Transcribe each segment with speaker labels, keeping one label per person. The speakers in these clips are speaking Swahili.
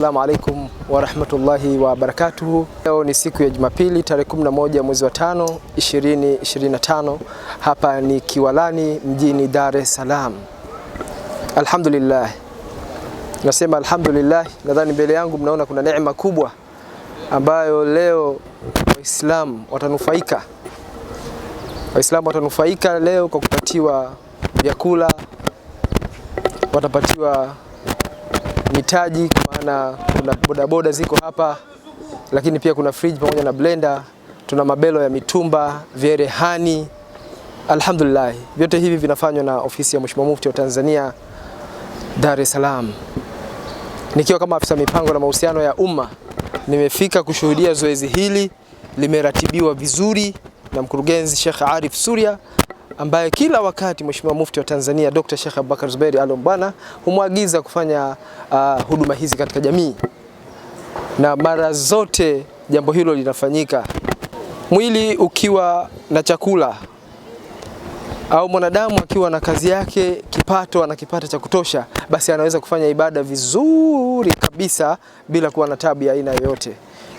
Speaker 1: Assalamu alaikum warahmatullahi wabarakatuhu. Leo ni siku ya Jumapili tarehe 11 mwezi wa 5 2025. Hapa ni Kiwalani mjini Dar es Salaam. Alhamdulillah, nasema alhamdulillah. Nadhani mbele yangu mnaona kuna neema kubwa ambayo leo Waislamu watanufaika, Waislamu watanufaika leo kwa kupatiwa vyakula, watapatiwa mahitaji, kwa maana kuna bodaboda ziko hapa, lakini pia kuna fridge pamoja na blender. Tuna mabelo ya mitumba, vyerehani. Alhamdulillah, vyote hivi vinafanywa na ofisi ya Mheshimiwa Mufti wa Tanzania Dar es Salaam. Nikiwa kama afisa mipango na mahusiano ya umma, nimefika kushuhudia zoezi hili limeratibiwa vizuri na mkurugenzi Sheikh Arif Suria ambaye kila wakati Mheshimiwa Mufti wa Tanzania Dr. Sheikh Abubakar Zuberi Alombwana humwagiza kufanya uh, huduma hizi katika jamii, na mara zote jambo hilo linafanyika. Mwili ukiwa na chakula au mwanadamu akiwa na kazi yake, kipato kipato cha kutosha, basi anaweza kufanya ibada vizuri kabisa bila kuwa na tabu ya aina yoyote.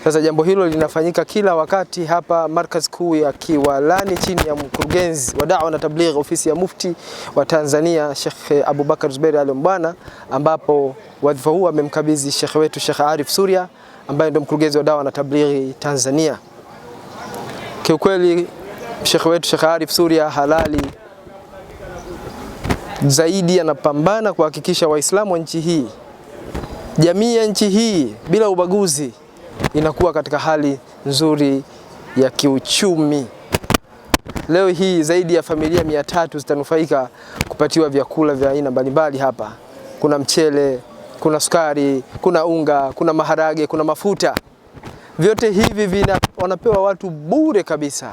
Speaker 1: Sasa jambo hilo linafanyika kila wakati hapa markaz kuu ya Kiwalani chini ya mkurugenzi wa da'wa na tabligh ofisi ya mufti wa Tanzania Sheikh Abubakar Zuberi Ali Mbwana, ambapo wadhifa huu amemkabidhi Sheikh wetu Sheikh Arif Suria ambaye ndio mkurugenzi wa da'wa na tablighi Tanzania. Kiukweli Sheikh wetu Sheikh Arif Surya halali zaidi anapambana kuhakikisha Waislamu wa nchi hii, jamii ya nchi hii bila ubaguzi inakuwa katika hali nzuri ya kiuchumi. Leo hii zaidi ya familia mia tatu zitanufaika kupatiwa vyakula vya aina mbalimbali hapa. Kuna mchele, kuna sukari, kuna unga, kuna maharage, kuna mafuta. Vyote hivi vina wanapewa watu bure kabisa,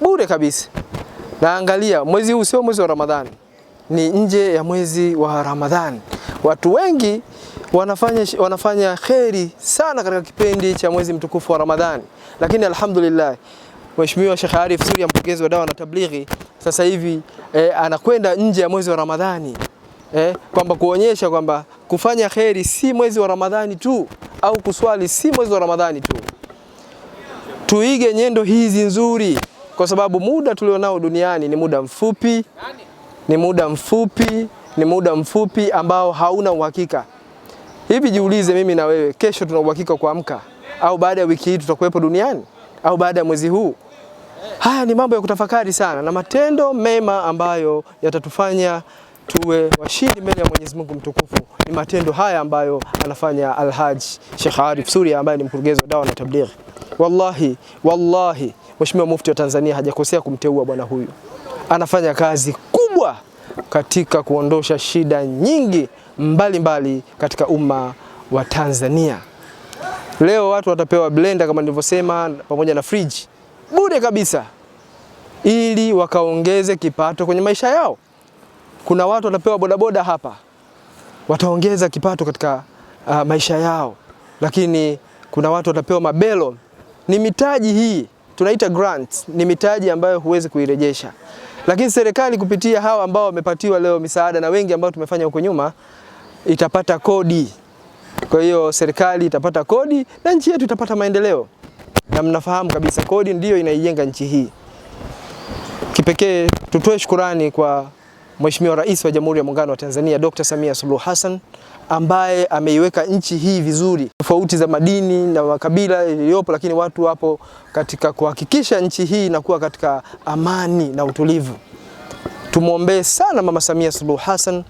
Speaker 1: bure kabisa. naangalia mwezi huu sio mwezi wa Ramadhani, ni nje ya mwezi wa Ramadhani. Watu wengi wanafanya, wanafanya kheri sana katika kipindi cha mwezi mtukufu wa Ramadhani, lakini alhamdulillah Mheshimiwa Sheikh Arif Suria, mkurugenzi wa dawa na tablighi, sasa hivi eh, anakwenda nje ya mwezi wa Ramadhani eh, kwamba kuonyesha kwamba kufanya kheri si mwezi wa Ramadhani tu au kuswali si mwezi wa Ramadhani tu. Tuige nyendo hizi nzuri, kwa sababu muda tulionao duniani ni muda mfupi, ni muda mfupi ni muda mfupi ambao hauna uhakika. Hivi jiulize, mimi na wewe, kesho tuna uhakika kuamka au baada ya wiki hii tutakuwepo duniani au baada ya mwezi huu? Haya ni mambo ya kutafakari sana, na matendo mema ambayo yatatufanya tuwe washindi mbele ya Mwenyezi Mungu mtukufu ni matendo haya ambayo anafanya Alhaji Sheikh Arif Suri ambaye ni mkurugenzi wa dawa na tablighi. Wallahi, wallahi Mheshimiwa Mufti wa Tanzania hajakosea kumteua bwana huyu, anafanya kazi katika kuondosha shida nyingi mbalimbali mbali katika umma wa Tanzania. Leo watu watapewa blender kama nilivyosema, pamoja na fridge bure kabisa, ili wakaongeze kipato kwenye maisha yao. Kuna watu watapewa bodaboda hapa, wataongeza kipato katika uh, maisha yao, lakini kuna watu watapewa mabelo. Ni mitaji hii tunaita grants, ni mitaji ambayo huwezi kuirejesha. Lakini serikali kupitia hawa ambao wamepatiwa leo misaada na wengi ambao tumefanya huko nyuma itapata kodi. Kwa hiyo serikali itapata kodi na nchi yetu itapata maendeleo, na mnafahamu kabisa kodi ndiyo inaijenga nchi hii. Kipekee tutoe shukurani kwa Mheshimiwa Rais wa Jamhuri ya Muungano wa Tanzania Dr. Samia Suluhu Hassan ambaye ameiweka nchi hii vizuri, tofauti za madini na makabila iliyopo, lakini watu wapo katika kuhakikisha nchi hii inakuwa katika amani na utulivu. Tumwombee sana Mama Samia Suluhu Hassan,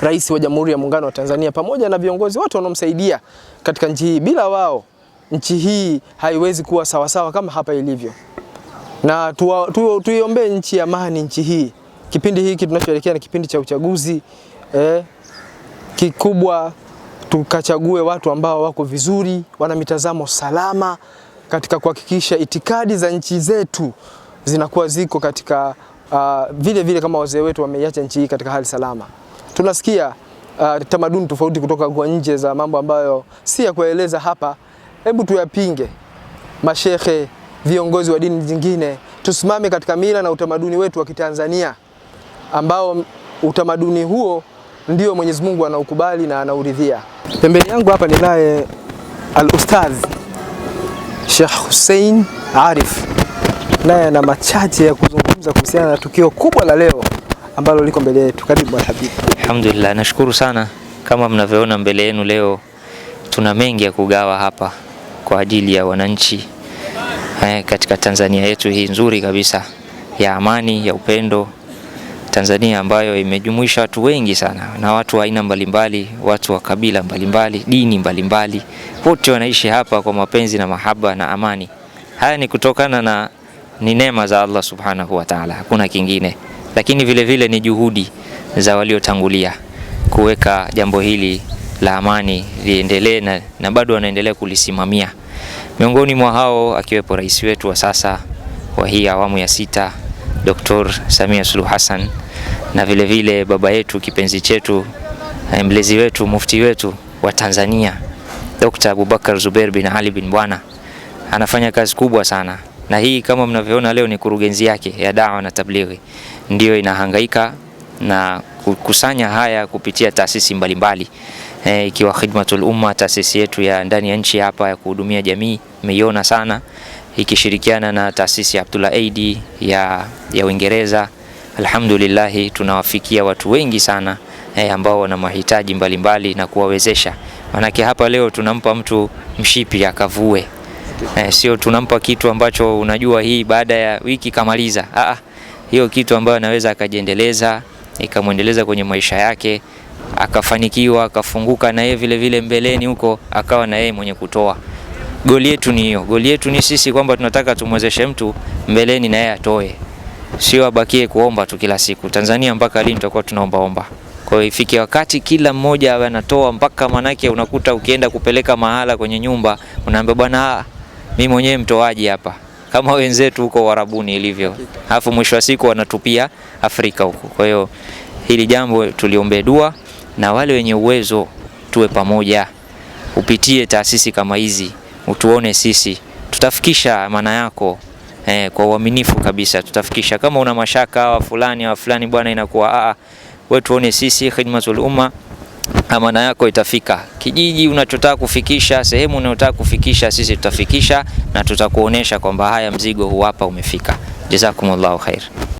Speaker 1: Rais wa Jamhuri ya Muungano wa Tanzania, pamoja na viongozi wote wanaomsaidia katika nchi hii. Bila wao nchi hii haiwezi kuwa sawasawa kama hapa ilivyo, na tuiombee nchi amani, nchi hii kipindi hiki tunachoelekea ni kipindi cha uchaguzi eh, kikubwa tukachague watu ambao wako vizuri, wana mitazamo salama katika kuhakikisha itikadi za nchi zetu zinakuwa ziko katika uh, vile vile kama wazee wetu wameiacha nchi hii katika hali salama. Tunasikia uh, tamaduni tofauti kutoka kwa nje za mambo ambayo si ya kueleza hapa. Hebu tuyapinge, mashehe, viongozi wa dini nyingine, tusimame katika mila na utamaduni wetu wa Kitanzania ambao utamaduni huo ndio Mwenyezi Mungu anaukubali na anauridhia. Pembeni yangu hapa ninaye al-ustadh Sheikh Hussein Arif, naye ana machache ya kuzungumza kuhusiana na tukio kubwa la leo ambalo liko mbele yetu. Karibu habibi.
Speaker 2: Alhamdulillah, nashukuru sana. Kama mnavyoona mbele yenu leo, tuna mengi ya kugawa hapa kwa ajili ya wananchi eh, katika Tanzania yetu hii nzuri kabisa ya amani, ya upendo Tanzania ambayo imejumuisha watu wengi sana na watu wa aina mbalimbali, watu wa kabila mbalimbali, dini mbalimbali, wote wanaishi hapa kwa mapenzi na mahaba na amani. Haya ni kutokana na ni neema za Allah subhanahu wa ta'ala, hakuna kingine, lakini vile vile ni juhudi za waliotangulia kuweka jambo hili la amani liendelee na, na bado wanaendelea kulisimamia. Miongoni mwa hao akiwepo rais wetu wa sasa wa hii awamu ya sita Dr. Samia Suluhu Hassan na vile vile baba yetu kipenzi chetu eh, mlezi wetu mufti wetu wa Tanzania Dr. Abubakar Zubeir bin Ali bin Bwana anafanya kazi kubwa sana, na hii kama mnavyoona leo ni kurugenzi yake ya dawa na tablighi ndiyo inahangaika na kukusanya haya kupitia taasisi mbalimbali eh, ikiwa e, Khidmatul Umma, taasisi yetu ya ndani ya nchi hapa ya kuhudumia jamii, mmeiona sana ikishirikiana na taasisi ya Abdullah Aid ya, ya Uingereza. Alhamdulillah tunawafikia watu wengi sana eh, ambao wana mahitaji mbalimbali na kuwawezesha. Maanake hapa leo tunampa mtu mshipi akavue eh, sio tunampa kitu ambacho unajua hii baada ya wiki kamaliza. Ah, ah, hiyo kitu ambayo anaweza akajiendeleza ikamwendeleza kwenye maisha yake akafanikiwa akafunguka na yeye vile vile mbeleni huko akawa na yeye mwenye kutoa goli yetu ni hiyo. Goli yetu ni sisi kwamba tunataka tumwezeshe mtu mbeleni na yeye atoe, sio abakie kuomba tu kila siku. Tanzania mpaka lini tutakuwa tunaombaomba? Kwa hiyo ifike wakati kila mmoja awe anatoa, mpaka manake unakuta ukienda kupeleka mahala kwenye nyumba unaambia bwana, mi mwenyewe mtoaji hapa, kama wenzetu huko Warabuni ilivyo, alafu mwisho wa siku wanatupia Afrika huko. Kwa hiyo hili jambo tuliombee dua, na wale wenye uwezo tuwe pamoja, upitie taasisi kama hizi utuone sisi, tutafikisha maana yako eh, kwa uaminifu kabisa tutafikisha. Kama una mashaka wa fulani wa fulani, bwana, inakuwa a ah, a, ah, wewe tuone sisi Khidmatul Umma, amana ah, yako itafika kijiji unachotaka kufikisha, sehemu unayotaka kufikisha, sisi tutafikisha na tutakuonesha kwamba haya mzigo hapa umefika. Jazakumullahu khair.